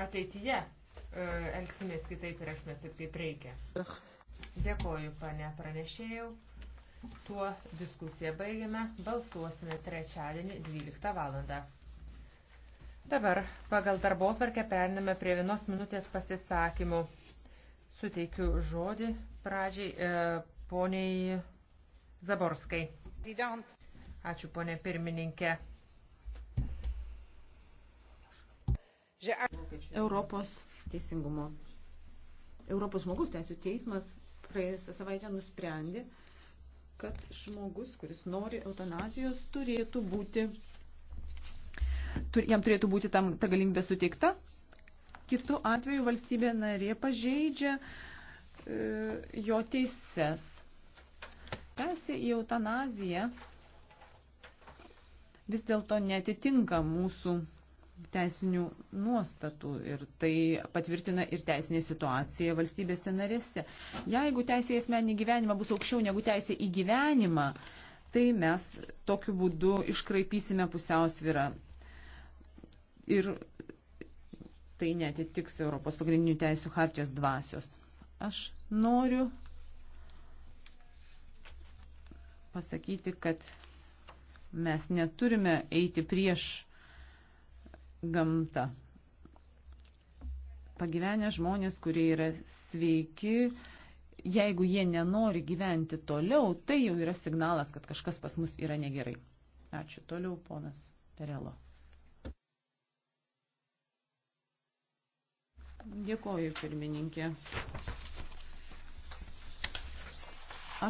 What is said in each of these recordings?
ateityje e, elgsimės kitaip ir elgsimės taip, kaip reikia. Dėkoju, pane pranešėjau. Tuo diskusiją baigiame. Balsuosime trečiadienį 12 valandą. Dabar pagal darbo tvarkę periname prie vienos minutės pasisakymų. Suteikiu žodį pradžiai e, poniai Zaborskai. Ačiū, ponė pirmininkė. Europos teisingumo. Europos žmogus teisų teismas praėjusią savaitę nusprendė, kad žmogus, kuris nori eutanazijos, turėtų būti, tur, jam turėtų būti tam, ta galimybė suteikta. Kitu atveju valstybė narė pažeidžia e, jo teises. Teisė į eutanaziją vis dėlto netitinka mūsų teisinių nuostatų ir tai patvirtina ir teisinė situacija valstybėse narėse. Jeigu teisė į asmeninį gyvenimą bus aukščiau negu teisė į gyvenimą, tai mes tokiu būdu iškraipysime pusiausvyrą ir tai netitiks Europos pagrindinių teisų hartijos dvasios. Aš noriu pasakyti, kad mes neturime eiti prieš gamta. Pagyvenę žmonės, kurie yra sveiki, jeigu jie nenori gyventi toliau, tai jau yra signalas, kad kažkas pas mus yra negerai. Ačiū. Toliau ponas Perelo. Dėkoju, pirmininkė.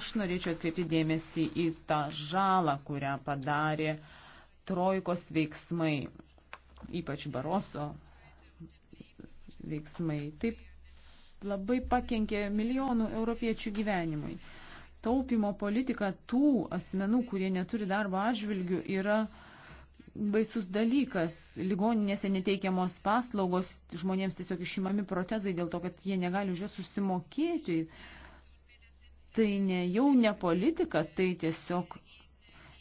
Aš norėčiau atkreipti dėmesį į tą žalą, kurią padarė trojkos veiksmai ypač Baroso veiksmai, taip labai pakenkė milijonų europiečių gyvenimui. Taupimo politika tų asmenų, kurie neturi darbo atžvilgių, yra baisus dalykas. Ligoninėse neteikiamos paslaugos, žmonėms tiesiog išimami protezai dėl to, kad jie negali už juos susimokėti. Tai ne jau ne politika, tai tiesiog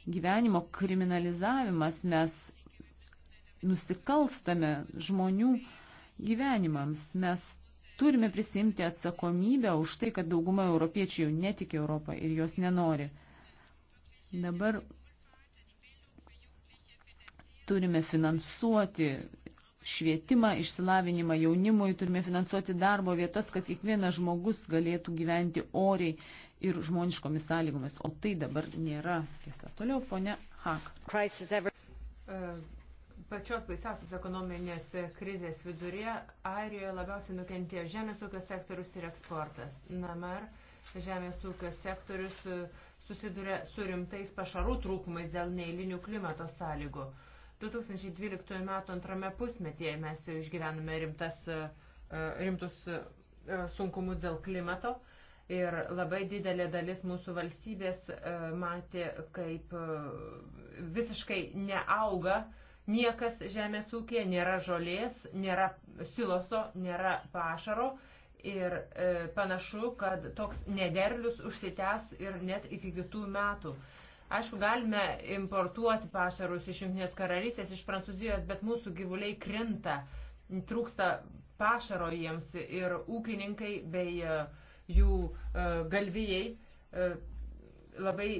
gyvenimo kriminalizavimas. Mes nusikalstame žmonių gyvenimams. Mes turime prisimti atsakomybę už tai, kad dauguma europiečių jau netiki Europą ir jos nenori. Dabar turime finansuoti švietimą, išsilavinimą jaunimui, turime finansuoti darbo vietas, kad kiekvienas žmogus galėtų gyventi oriai ir žmoniškomis sąlygomis. O tai dabar nėra tiesa. Toliau, ponia Hak pačios baisiausios ekonominės krizės viduryje Airijoje labiausiai nukentėjo žemės ūkio sektorius ir eksportas. Namar žemės ūkio sektorius e, susiduria su rimtais pašarų trūkumais dėl neįlinių klimato sąlygų. 2012 m. antrame pusmetyje mes jau išgyvename rimtas, e, e, rimtus sunkumus dėl klimato ir labai didelė dalis mūsų valstybės matė, kaip visiškai neauga uh, Niekas žemės ūkėje nėra žolės, nėra siloso, nėra pašaro ir e, panašu, kad toks nederlius užsitęs ir net iki kitų metų. Aišku, galime importuoti pašarus iš Junktinės karalystės, iš Prancūzijos, bet mūsų gyvuliai krinta, trūksta pašaro jiems ir ūkininkai bei e, jų e, galvijai e, labai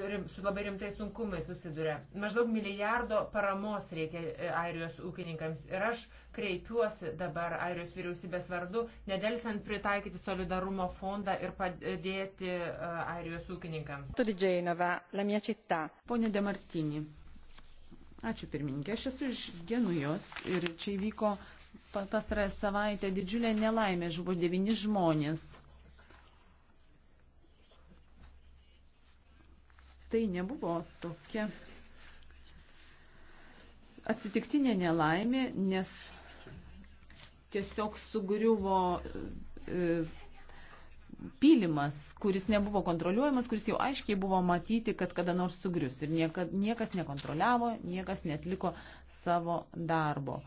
rim, su labai rimtai sunkumai susiduria. Maždaug milijardo paramos reikia e, Airijos ūkininkams ir aš kreipiuosi dabar Airijos vyriausybės vardu, nedelsant pritaikyti solidarumo fondą ir padėti e, Airijos ūkininkams. Pone Demartini, ačiū pirmininkė, aš esu iš Genujos ir čia įvyko pastarąją savaitę didžiulė nelaimė, žuvo devyni žmonės tai nebuvo tokia atsitiktinė nelaimė, nes tiesiog sugriuvo e, pylimas, kuris nebuvo kontroliuojamas, kuris jau aiškiai buvo matyti, kad kada nors sugrius. Ir niekas, niekas nekontroliavo, niekas netliko savo darbo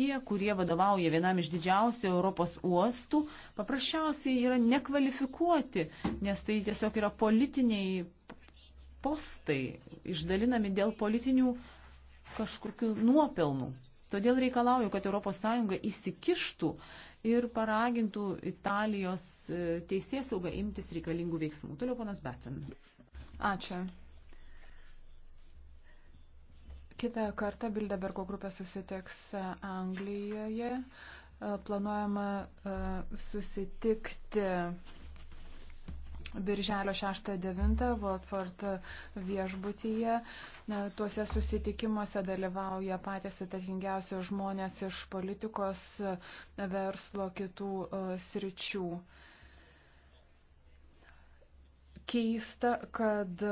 tie, kurie vadovauja vienam iš didžiausių Europos uostų, paprasčiausiai yra nekvalifikuoti, nes tai tiesiog yra politiniai postai, išdalinami dėl politinių kažkokių nuopelnų. Todėl reikalauju, kad ES įsikištų ir paragintų Italijos e, teisėsaugą imtis reikalingų veiksmų. Toliau ponas Betin. Ačiū. Kita kartą Bilderbergo grupė susitiks e, Anglijoje. E, planuojama e, susitikti Birželio 6-9 Watford viešbutyje. Tuose susitikimuose dalyvauja patys atsakingiausi žmonės iš politikos, verslo, kitų sričių keista, kad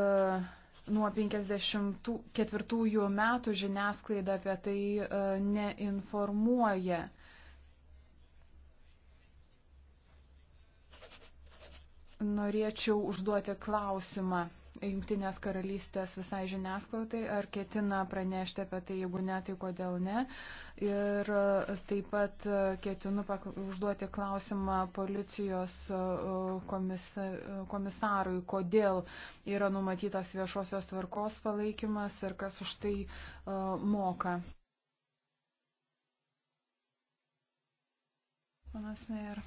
nuo 54 metų žiniasklaida apie tai e, neinformuoja. Norėčiau užduoti klausimą. Junktinės karalystės visai žiniasklaidai, ar ketina pranešti apie tai, jeigu ne, tai kodėl ne. Ir e, taip pat e, ketinu užduoti klausimą policijos e, komisa, komisarui, kodėl yra numatytas viešosios tvarkos palaikymas ir kas už tai moka. Panas Meir,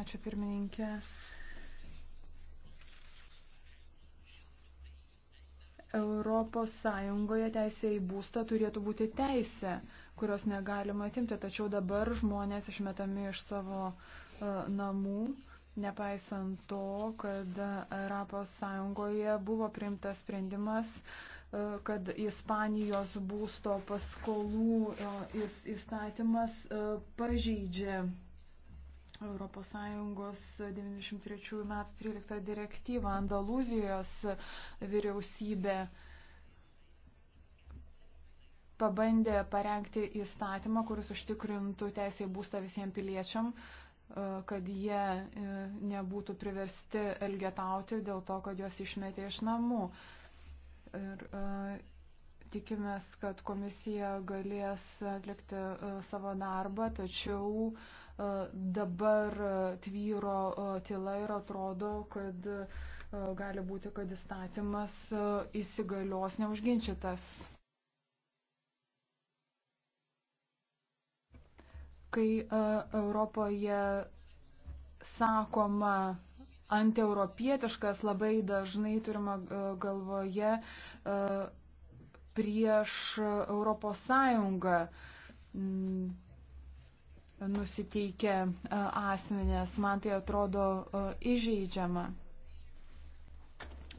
ačiū pirmininkė. Europos Sąjungoje teisė į būstą turėtų būti teisė, kurios negalima atimti, tačiau dabar žmonės išmetami iš savo uh, namų, nepaisant to, kad Europos Sąjungoje buvo priimtas sprendimas uh, kad Ispanijos būsto paskolų uh, įstatymas pažeidžia ES 93 metų 13 direktyvą Andalūzijos vyriausybė pabandė parengti įstatymą, kuris užtikrintų teisę į būstą visiems piliečiam, e, kad jie e, nebūtų priversti elgetauti dėl to, kad juos išmetė iš namų. Ir e, tikimės, kad komisija galės atlikti savo darbą, tačiau uh, E, dabar e, tvyro e, tyla ir atrodo, kad gali būti, kad įstatymas įsigalios neužginčytas. Kai Europoje sakoma antieuropietiškas, labai dažnai turima galvoje prieš Europos Sąjungą mm nusiteikę e, asmenės. Man tai atrodo e, įžeidžiama.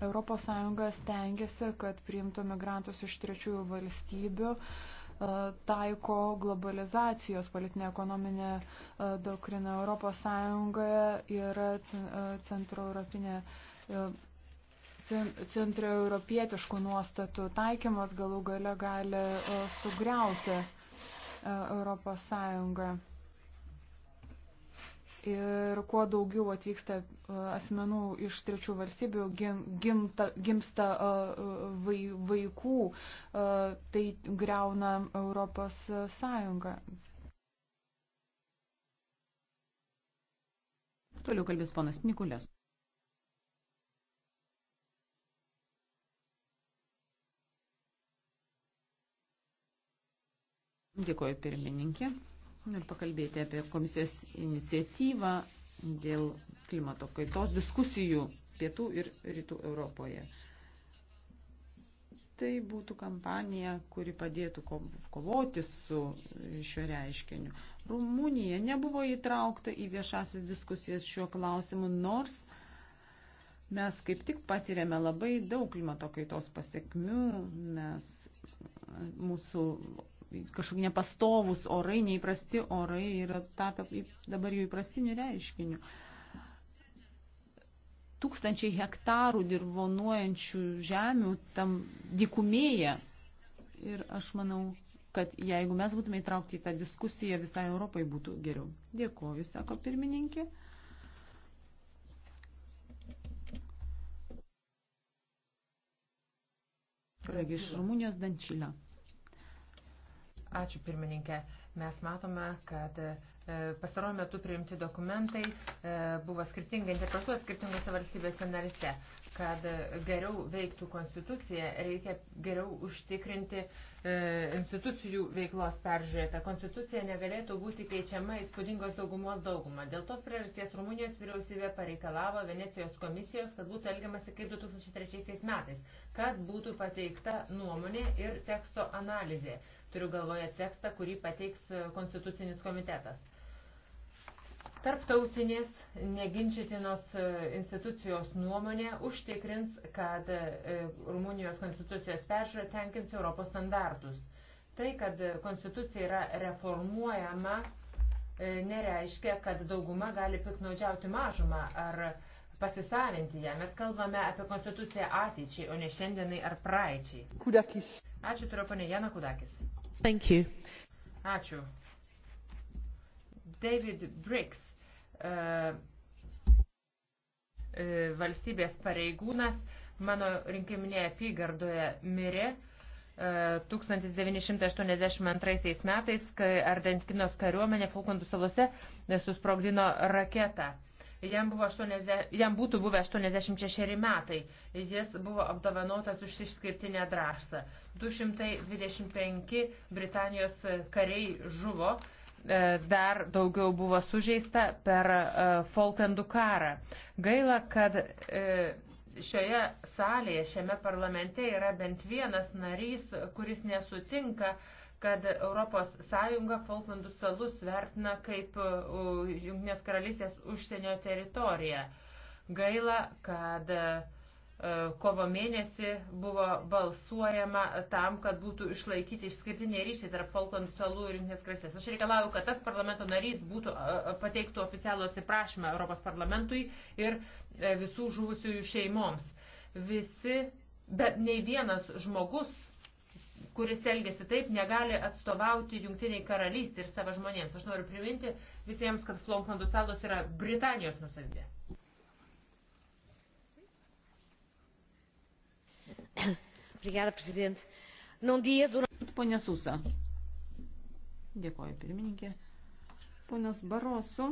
ES stengiasi, kad priimtų migrantus iš trečiųjų valstybių e, taiko globalizacijos politinė ekonominė doktrina Europos Sąjungoje yra centroeuropinė centroeuropietiškų nuostatų taikymas galų gale gali sugriauti Europos Sąjungą ir kuo daugiau atvyksta e, asmenų iš trečių valstybių, gimta, gimsta e, vai, vaikų, e, tai greuna Europos Sąjungą. Toliau kalbės ponas Nikulės. Dėkuoju pirmininkė pakalbėti apie komisijos iniciatyvą dėl klimato kaitos diskusijų pietų ir rytų Europoje. Tai būtų kampanija, kuri padėtų kovoti su šiuo reiškiniu. Rumunija nebuvo įtraukta į viešasis diskusijas šiuo klausimu, nors mes kaip tik patiriame labai daug klimato kaitos pasiekmių, mes mūsų kažkokie nepastovus orai, neįprasti orai yra tapę dabar jau įprastiniu reiškiniu. Tūkstančiai hektarų dirvonuojančių žemių tam dikumėja. Ir aš manau, kad jeigu mes būtume įtraukti į tą diskusiją, visai Europai būtų geriau. Dėkoju, sako pirmininkė. Kolegė iš Rumunijos Dančilė. Ačiū pirmininkė. Mes matome, kad e, pastaruoju metu priimti dokumentai e, buvo skirtingai interpretuoti skirtingose valstybėse narise. Kad e, geriau veiktų konstitucija, reikia geriau užtikrinti institucijų veiklos peržiūrėtą. Konstitucija negalėtų būti keičiama įspūdingos daugumos daugumą. Dėl tos priežasties Rumunijos vyriausybė pareikalavo Venecijos komisijos, kad būtų elgiamasi kaip 2003 metais, kad būtų pateikta nuomonė ir teksto analizė. Turiu galvoje tekstą, kurį pateiks e, konstitucinis komitetas. Tarptautinės neginčytinos e, institucijos nuomonė užtikrins, kad e, Rumunijos konstitucijos peržiūra tenkins Europos standartus. Tai, kad konstitucija yra reformuojama, nereiškia, kad dauguma gali piknaudžiauti mažumą ar pasisavinti ją. Mes kalbame apie konstituciją ateičiai, o ne šiandienai ar praeičiai. Kudakis. Ačiū turiu, ponė Jana Kudakis. Ačiū. David Briggs, e, e, valstybės pareigūnas, mano rinkiminėje apygardoje mirė 1982 e, metais, kai Ardentinos kariuomenė Fulkondų salose susprogdino raketą. Jam, 80, jam būtų buvę 86 metai. Jis buvo apdovanotas už išskirtinę drąsą. 225 Britanijos kariai žuvo, e, dar daugiau buvo sužeista per e, Falklandų karą. Gaila, kad e, šioje salėje, šiame parlamente yra bent vienas narys, kuris nesutinka uh, kad ES Falklandų salus vertina kaip uh, Junktinės karalystės užsienio teritoriją. Gaila, kad uh, kovo mėnesį buvo balsuojama tam, kad būtų išlaikyti išskirtiniai ryšiai tarp Falklandų salų ir Junktinės karalystės. Aš reikalauju, kad tas parlamento narys būtų uh, pateiktų oficialų atsiprašymą Europos parlamentui ir visų žuvusiųjų šeimoms. Visi, bet nei vienas žmogus kuris elgesi taip, negali atstovauti jungtiniai karalystė ir savo žmonėms. Aš noriu priminti visiems, kad Flomklandų salos yra Britanijos nusavybė. Obrigada, presidente. Num dia durante. Pone Susa. Dėkoju, pirmininkė. Ponas Baroso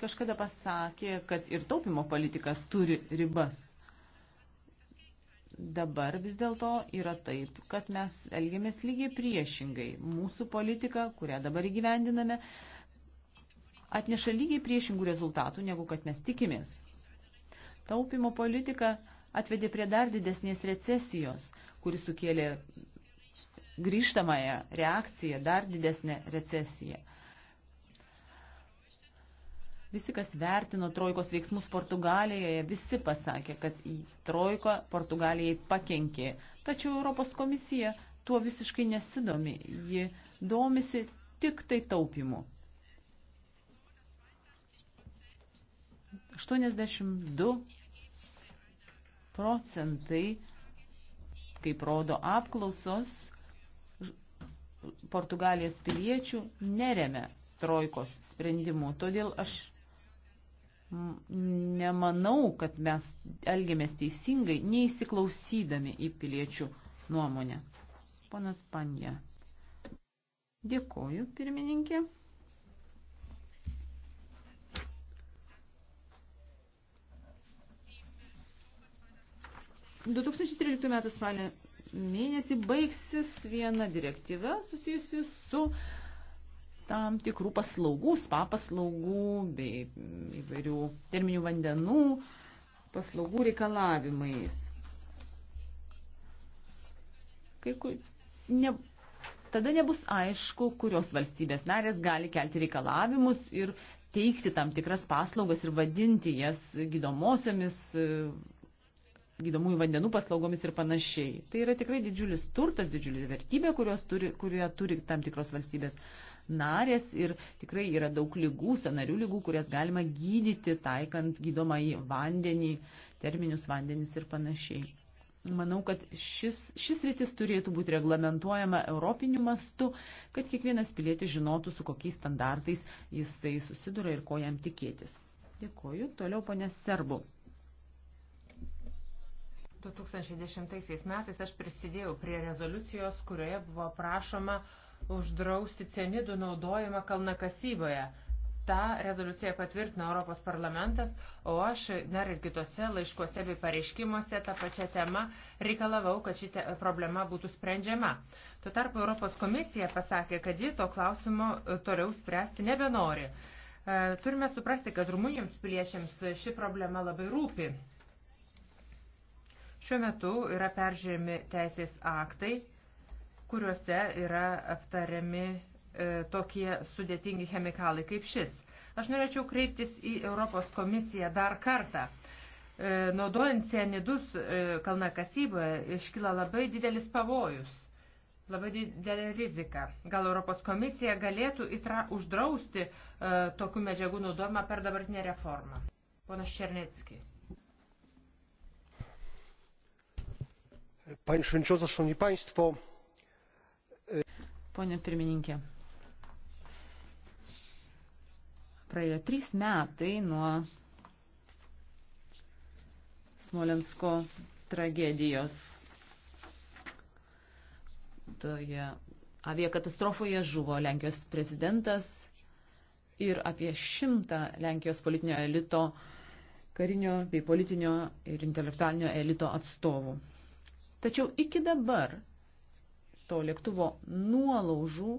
kažkada pasakė, kad ir taupimo politika turi ribas. Dabar vis dėlto yra taip, kad mes elgiamės lygiai priešingai. Mūsų politika, kurią dabar įgyvendiname, atneša lygiai priešingų rezultatų, negu kad mes tikimės. Taupimo politika atvedė prie dar didesnės recesijos, kuri sukėlė grįžtamąją reakciją, dar didesnę recesiją. Visi, kas vertino trojkos veiksmus Portugalijoje, visi pasakė, kad trojka Portugalijai pakenkė. Tačiau Europos komisija tuo visiškai nesidomi. Ji domisi tik tai taupimu. 82 procentai, kaip rodo apklausos, Portugalijos piliečių neremia trojkos sprendimų. Todėl aš nemanau, kad mes elgiamės teisingai, neįsiklausydami į piliečių nuomonę. Ponas Panja. Dėkoju, pirmininkė. Du 2013 m. spalio mėnesį baigsis viena direktyva susijusi su uh, tam tikrų paslaugų, spa paslaugų bei įvairių terminių vandenų paslaugų reikalavimais. Kai kur, ne, tada nebus aišku, kurios valstybės narės gali kelti reikalavimus ir teikti tam tikras paslaugas ir vadinti jas gydomosiomis, e, gydomųjų vandenų paslaugomis ir panašiai. Tai yra tikrai didžiulis turtas, didžiulė vertybė, turi, kurie turi tam tikros valstybės narės ir tikrai yra daug lygų, senarių lygų, kurias galima gydyti, taikant gydomą į vandenį, terminius vandenis ir panašiai. Manau, kad šis, šis rytis turėtų būti reglamentuojama europiniu mastu, kad kiekvienas pilietis žinotų, su kokiais standartais jisai susiduria ir ko jam tikėtis. Dėkoju. Toliau ponė Serbu. 2010 metais aš prisidėjau prie rezoliucijos, kurioje buvo prašoma uh, uždrausti cianidų naudojimą kalnakasyboje. Ta rezoliucija patvirtino Europos parlamentas, o aš dar ir kitose laiškuose bei pareiškimuose tą pačią temą reikalavau, kad ši problema būtų sprendžiama. Tuo tarpu Europos komisija pasakė, kad ji to klausimo e, toliau spręsti nebenori. E, turime suprasti, kad rumunijams piliečiams ši problema labai rūpi. Šiuo metu yra peržiūrimi teisės aktai kuriuose yra aptariami e, tokie sudėtingi chemikalai kaip šis. Aš norėčiau kreiptis į Europos komisiją dar kartą. E, naudojant cianidus e, kalnakasyboje iškyla labai didelis pavojus, labai didelė rizika. Gal Europos komisija galėtų įtra, uždrausti e, tokių medžiagų naudojimą per dabartinę reformą? Ponas Černetskis. panie przewodniczący! szanowni państwo! Pone pirmininkė, praėjo trys metai nuo Smolensko tragedijos. Toje aviakatastrofoje žuvo Lenkijos prezidentas ir apie šimtą Lenkijos politinio elito, karinio bei politinio ir intelektualinio elito atstovų. Tačiau iki dabar to lėktuvo nuolaužų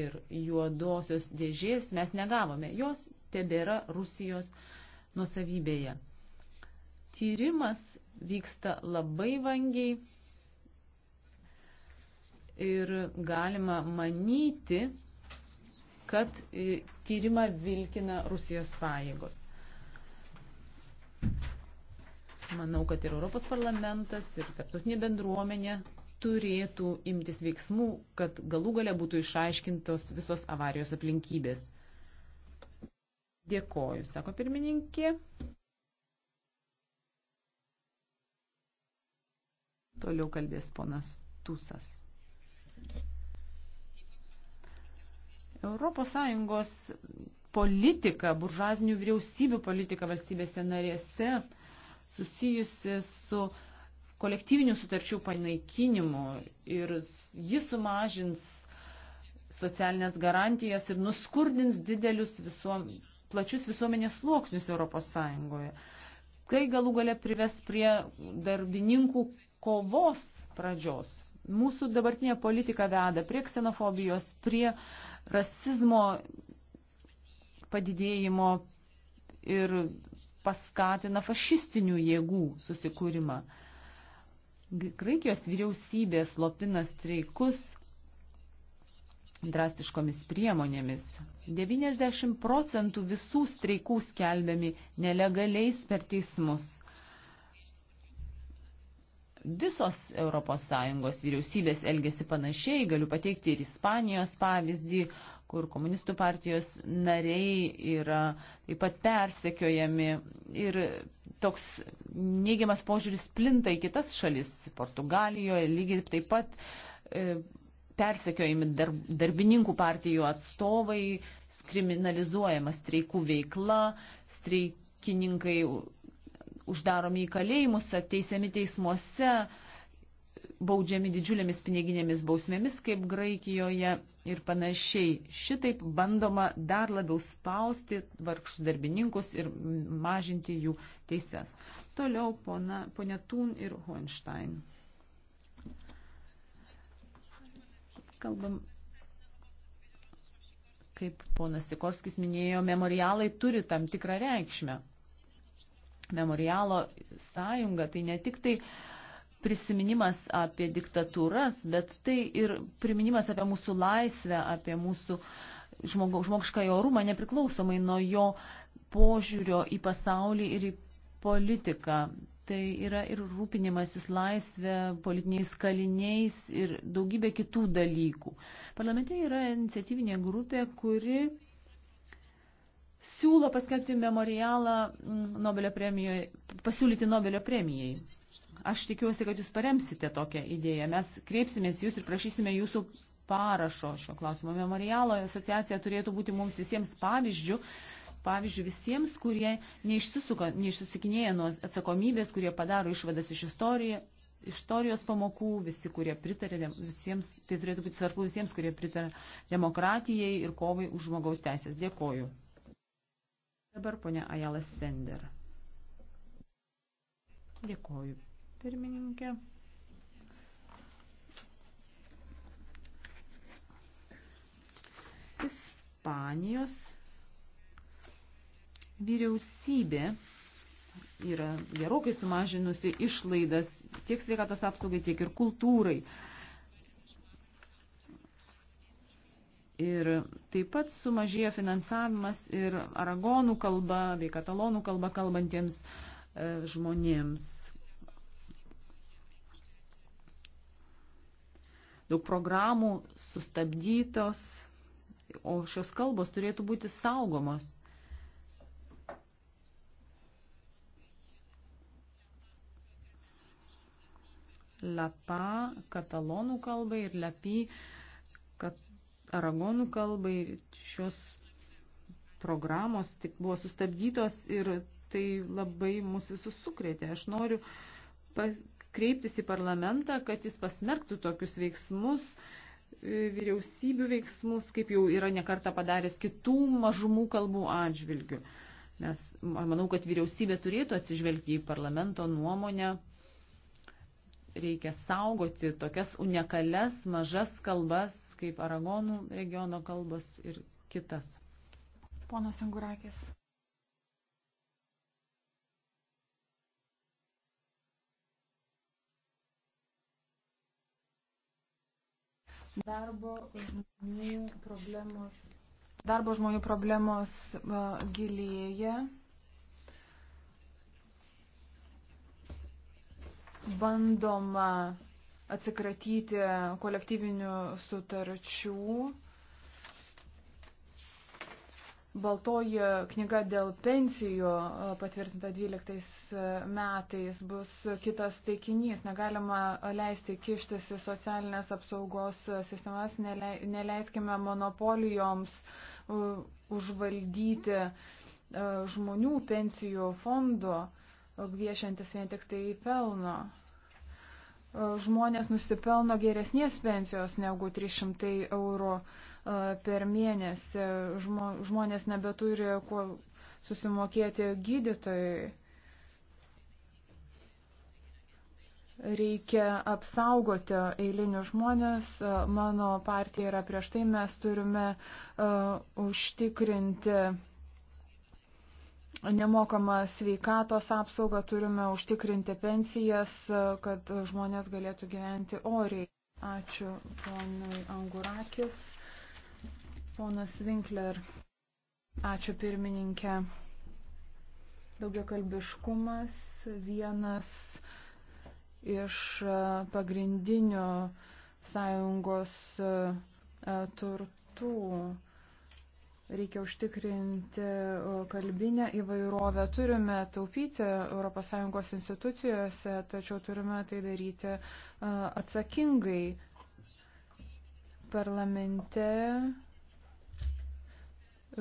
ir juodosios dėžės mes negavome. Jos tebėra Rusijos nusavybėje. Tyrimas vyksta labai vangiai ir galima manyti, kad e, tyrimą vilkina Rusijos pajėgos. Manau, kad ir Europos parlamentas, ir tarptautinė bendruomenė turėtų imtis veiksmų, kad galų gale būtų išaiškintos visos avarijos aplinkybės. Dėkoju, sako pirmininkė. Toliau kalbės ponas Tusas. Europos Sąjungos politika, buržuazinių vyriausybių politika valstybėse narėse susijusi su kolektyvinių sutarčių panaikinimu ir jis sumažins socialinės garantijas ir nuskurdins didelius visuom, plačius visuomenės sluoksnius Europos Sąjungoje. Tai galų gale prives prie darbininkų kovos pradžios. Mūsų dabartinė politika veda prie ksenofobijos, prie rasizmo padidėjimo ir paskatina fašistinių jėgų susikūrimą. Graikijos vyriausybė slopina streikus drastiškomis priemonėmis. 90 procentų visų streikų skelbiami nelegaliais per teismus. Visos ES vyriausybės elgesi panašiai, galiu pateikti ir Ispanijos pavyzdį, kur komunistų partijos nariai yra taip pat persekiojami ir toks neigiamas požiūris plinta į kitas šalis. Portugalijoje lygiai taip pat e, persekiojami darb, darbininkų partijų atstovai, kriminalizuojama streikų veikla, streikininkai uždaromi į kalėjimus, teisiami teismuose. E, baudžiami didžiulėmis piniginėmis bausmėmis, kaip Graikijoje ir panašiai. Šitaip bandoma dar labiau spausti vargšus darbininkus ir mažinti jų teises. Toliau pona, ponia Tun ir Hohenstein. Kalbam kaip ponas Sikorskis minėjo, memorialai turi tam tikrą reikšmę. Memorialo sąjunga tai ne tik tai uh, prisiminimas apie diktatūras, bet tai ir priminimas apie mūsų laisvę, apie mūsų žmogiškąją orumą, nepriklausomai nuo jo požiūrio į pasaulį ir į politiką. Tai yra ir rūpinimasis laisvė, politiniais kaliniais ir daugybė kitų dalykų. Parlamente yra iniciatyvinė grupė, kuri siūlo paskelbti memorialą mm, Nobelio premijoje, pasiūlyti Nobelio premijai. Aš tikiuosi, kad jūs paremsite tokią idėją. Mes kreipsimės jūs ir prašysime jūsų parašo šio klausimo. Memorialo asociacija turėtų būti mums visiems pavyzdžių, pavyzdžių visiems, kurie neišsisukinėja nuo atsakomybės, kurie padaro išvadas iš istoriją, istorijos pamokų, visi, kurie pritarė, visiems, tai turėtų būti svarbu visiems, kurie pritarė demokratijai ir kovai už žmogaus teisės. Dėkoju. Dabar ponia Ajalas Sender. Dėkoju, pirmininkė. Ispanijos vyriausybė yra gerokai sumažinusi išlaidas tiek sveikatos apsaugai, tiek ir kultūrai. Ir taip pat sumažėjo finansavimas ir aragonų kalba bei katalonų kalba kalbantiems e, žmonėms. daug programų sustabdytos, o šios kalbos turėtų būti saugomos. Lapa katalonų kalbai ir lapi kat, aragonų kalbai šios programos tik buvo sustabdytos ir tai labai mus visus sukrėtė. Aš noriu pas, kreiptis į parlamentą, kad jis pasmerktų tokius veiksmus, e, vyriausybių veiksmus, kaip jau yra nekarta padaręs kitų mažumų kalbų atžvilgių. Nes manau, kad vyriausybė turėtų atsižvelgti į parlamento nuomonę. Reikia saugoti tokias unikales mažas kalbas, kaip Aragonų regiono kalbos ir kitas. Ponas Angurakis. Darbo žmonių problemos, darbo žmonių problemos uh, gilėja. Bandoma atsikratyti kolektyvinių sutarčių. Baltoji knyga dėl pensijų patvirtinta 12 e, metais bus kitas taikinys. Negalima leisti kištis į socialinės apsaugos sistemas, neleiskime monopolijoms užvaldyti e, žmonių pensijų fondo, e, gviešiantis vien tik tai pelno žmonės nusipelno geresnės pensijos negu 300 eurų per mėnesį. Žmo, žmonės nebeturi kuo susimokėti gydytojui. Reikia apsaugoti eilinius žmonės. Mano partija yra prieš tai. Mes turime uh, užtikrinti nemokamą sveikatos apsaugą, turime užtikrinti pensijas, kad žmonės galėtų gyventi oriai. Ačiū ponui Angurakis. Ponas Winkler, ačiū pirmininkė. Daugiakalbiškumas vienas iš pagrindinių sąjungos e, turtų. Reikia užtikrinti e, kalbinę įvairovę. Turime taupyti ES institucijose, tačiau turime tai daryti e, atsakingai. Parlamente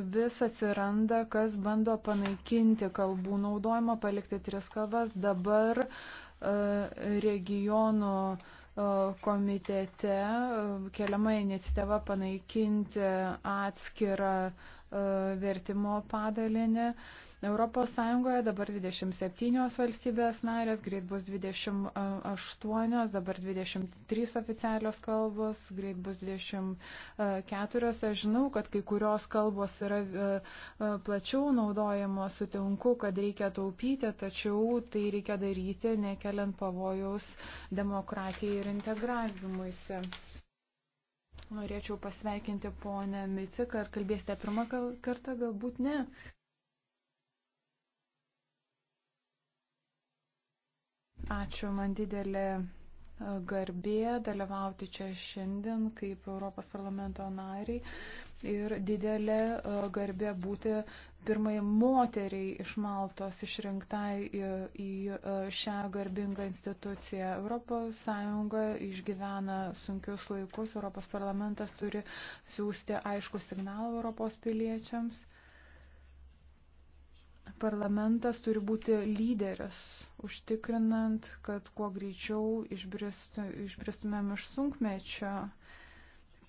vis atsiranda, kas bando panaikinti kalbų naudojimą, palikti tris kalbas. Dabar e, regionų e, komitete e, keliama iniciatyva panaikinti atskirą vertimo padalinį. Europos Sąjungoje dabar 27 valstybės narės, greit bus 28, dabar 23 oficialios kalbos, greit bus 24. Aš žinau, kad kai kurios kalbos yra e, e, plačiau naudojamos, sutinku, kad reikia taupyti, tačiau tai reikia daryti, nekeliant pavojaus demokratijai ir integravimuisi. Norėčiau pasveikinti ponę Miciką, ar kalbėsite pirmą kartą, galbūt ne. Ačiū, man didelė e, garbė dalyvauti čia šiandien kaip Europos parlamento nariai ir didelė e, garbė būti pirmai moteriai iš Maltos išrinktai į, į e, šią garbingą instituciją. Europos Sąjunga išgyvena sunkius laikus, Europos parlamentas turi siūsti aišku signalą Europos piliečiams parlamentas turi būti lyderis, užtikrinant, kad kuo greičiau išbristumėm iš sunkmečio.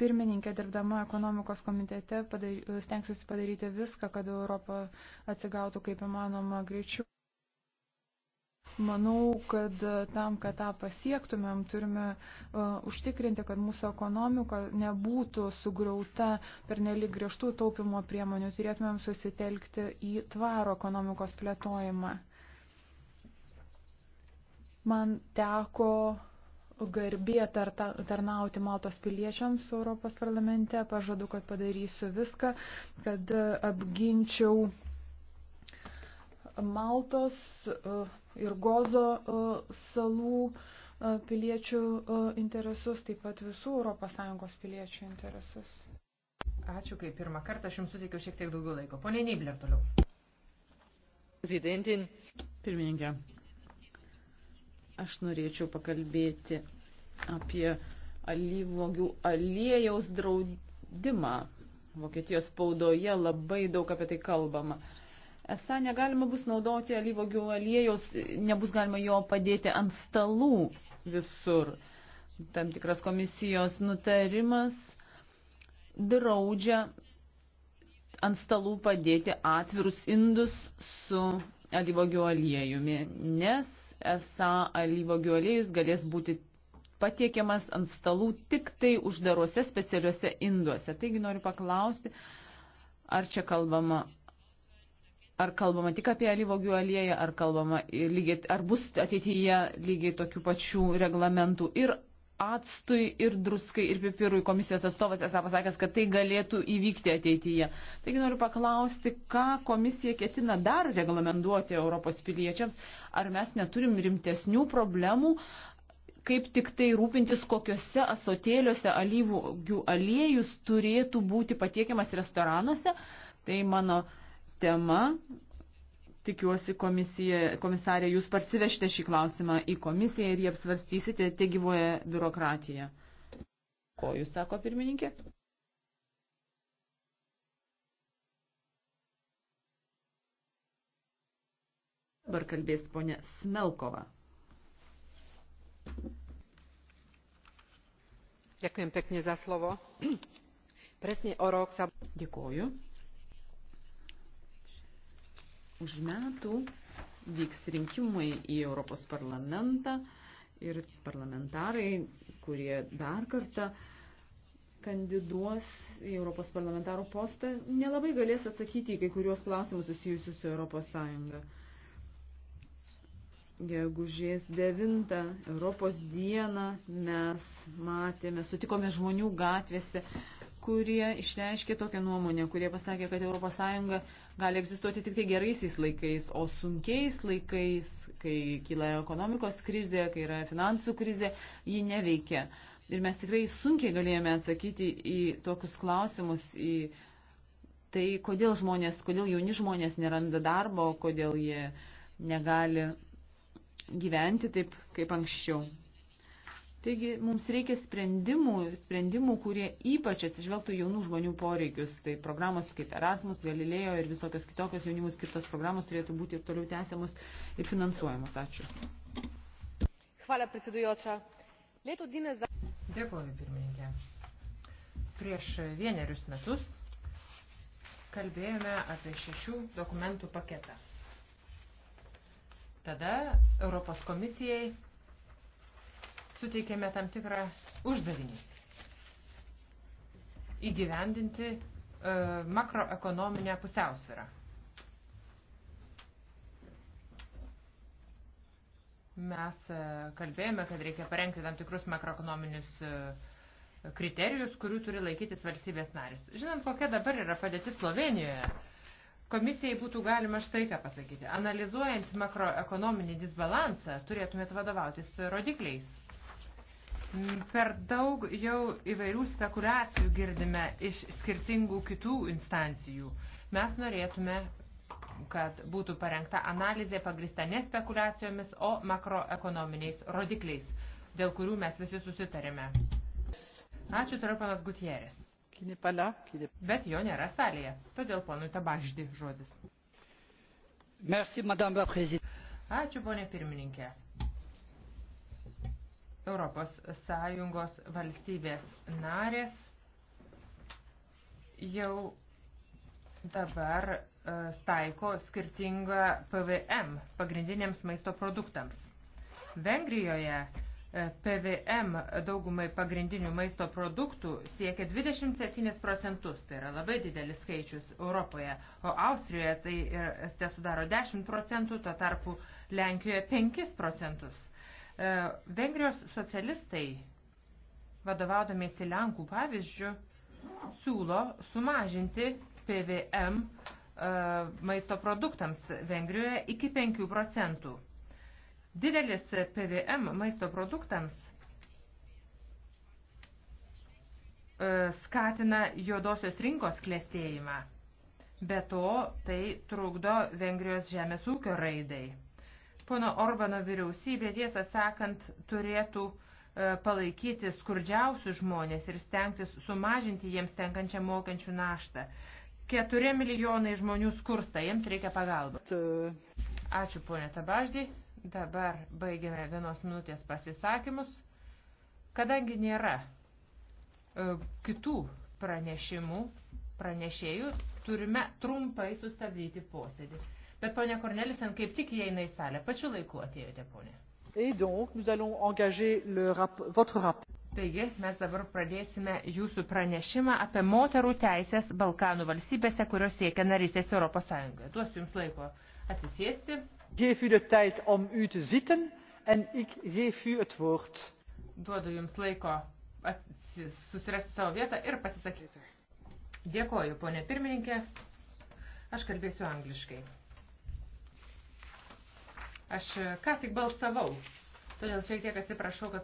Pirmininkė, dirbdama ekonomikos komitete, padary, stengsis padaryti viską, kad Europa atsigautų kaip įmanoma greičiau. Manau, kad e, tam, kad tą pasiektumėm, turime uh, užtikrinti, kad mūsų ekonomika nebūtų sugrauta per nelik griežtų taupimo priemonių. Turėtumėm susitelkti į tvaro ekonomikos plėtojimą. Man teko garbė tar, tarnauti Maltos piliečiams Europos parlamente. Pažadu, kad padarysiu viską, kad e, apginčiau Maltos e, ir Gozo e, salų e, piliečių interesus, taip pat visų ES piliečių interesus. Ačiū, kaip pirmą kartą aš jums suteikiau šiek tiek daugiau laiko. Pone Nibler toliau. Zidentin. Pirmininkė, aš norėčiau pakalbėti apie alyvogių aliejaus draudimą. Vokietijos spaudoje labai daug apie tai kalbama. Uh, Esą negalima bus naudoti alyvogių aliejaus, nebus galima jo padėti ant stalų visur. Tam tikras komisijos nutarimas draudžia ant stalų padėti atvirus indus su alyvogių aliejumi, nes esą alyvogių aliejus galės būti patiekiamas ant stalų tik tai uždaruose specialiuose induose. Taigi noriu paklausti, ar čia kalbama Ar kalbama tik apie alyvogių aliejų, ar, kalbama, lygiai, ar bus ateityje lygiai tokių pačių reglamentų ir atstui, ir druskai, ir pipirui komisijos atstovas esą pasakęs, kad tai galėtų įvykti ateityje. Taigi noriu paklausti, ką komisija ketina dar reglamentuoti Europos piliečiams, ar mes neturim rimtesnių problemų, kaip tik tai rūpintis, kokiuose asotėliuose alyvogių aliejus turėtų būti patiekiamas restoranuose. Tai mano tema. Tikiuosi, komisija, komisarė, jūs parsivežte šį klausimą į komisiją ir jie apsvarstysite, te gyvoja biurokratija. Ko jūs sako pirmininkė? Dabar kalbės ponė Smelkova. Ďakujem pekne za slovo. Presne o rok sa... Ďakujem už metų vyks rinkimai į Europos parlamentą ir parlamentarai, kurie dar kartą kandiduos į Europos parlamentarų postą, nelabai galės atsakyti į kai kuriuos klausimus susijusius su Europos Sąjunga. Gegužės 9 Europos dieną mes matėme, sutikome žmonių gatvėse, kurie išreiškė tokią nuomonę, kurie pasakė, kad ES gali egzistuoti tik tai geraisiais laikais, o sunkiais laikais, kai kyla ekonomikos krizė, kai yra finansų krizė, ji neveikia. Ir mes tikrai sunkiai galėjome atsakyti į tokius klausimus, į tai, kodėl žmonės, kodėl jauni žmonės neranda darbo, kodėl jie negali gyventi taip kaip anksčiau. Taigi mums reikia sprendimų, sprendimų, kurie ypač atsižvelgtų jaunų žmonių poreikius. Tai programos kaip Erasmus, Galilėjo ir visokios kitokios jaunimų skirtos programos turėtų būti ir toliau tęsiamos ir finansuojamos. Ačiū. Hvala, predsedujoča. Lėtų dinė za... Dėkuoju, pirmininkė. Prieš vienerius metus kalbėjome apie šešių dokumentų paketą. Tada Europos komisijai suteikėme tam tikrą uždavinį įgyvendinti e, makroekonominę pusiausvyrą. Mes e, kalbėjome, kad reikia parengti tam tikrus makroekonominius e, kriterijus, kurių turi laikytis valstybės narys. Žinant, kokia dabar yra padėtis Slovenijoje, Komisijai būtų galima štai ką pasakyti. Analizuojant makroekonominį disbalansą, turėtumėt vadovautis rodikliais. Mm, per daug jau įvairių spekulacijų girdime iš skirtingų kitų instancijų. Mes norėtume, kad būtų parengta analizė pagrista ne spekulacijomis, o makroekonominiais rodikliais, dėl kurių mes visi susitarėme. Ačiū toliau panas Gutierės. Bet jo nėra salėje, todėl ponui Tabaždi žodis. Merci, Ačiū, ponė pirmininkė. ES valstybės narės jau dabar e, taiko skirtingą PVM pagrindiniams maisto produktams. Vengrijoje e, PVM daugumai pagrindinių maisto produktų siekia 27 procentus, tai yra labai didelis skaičius Europoje, o Austrijoje tai, tai sudaro 10 procentų, tuo tarpu Lenkijoje 5 procentus. E, Vengrijos socialistai, vadovaudomėsi Lenkų pavyzdžių, siūlo sumažinti PVM e, maisto produktams Vengrijoje iki 5 procentų. Didelis PVM maisto produktams e, skatina juodosios rinkos klėstėjimą. Be to, tai trukdo Vengrijos žemės ūkio raidai. Pono Orbano vyriausybė, tiesą sakant, turėtų e, palaikyti skurdžiausius žmonės ir stengtis sumažinti jiems tenkančią mokančių naštą. Keturi milijonai žmonių skursta, jiems reikia pagalbos. Ačiū, ponė Tabaždį. Dabar baigiame vienos minutės pasisakymus. Kadangi nėra e, kitų pranešimų, pranešėjų, turime trumpai sustabdyti posėdį. Bet ponia Kornelisen kaip tik įeina į salę. Pačiu laiku atėjote, ponė. Taigi mes dabar pradėsime jūsų pranešimą apie moterų teisės Balkanų valstybėse, kurios siekia narysės Europos Sąjungoje. Duosiu jums laiko atsisėsti. Geef u de tijd om u te zitten um en ik geef u het woord. Duodu jums laiko susirasti savo vietą ir pasisakyti. Dėkoju, ponė pirmininkė. Aš kalbėsiu angliškai. Aš e, ką tik balsavau, todėl šiek tiek atsiprašau, kad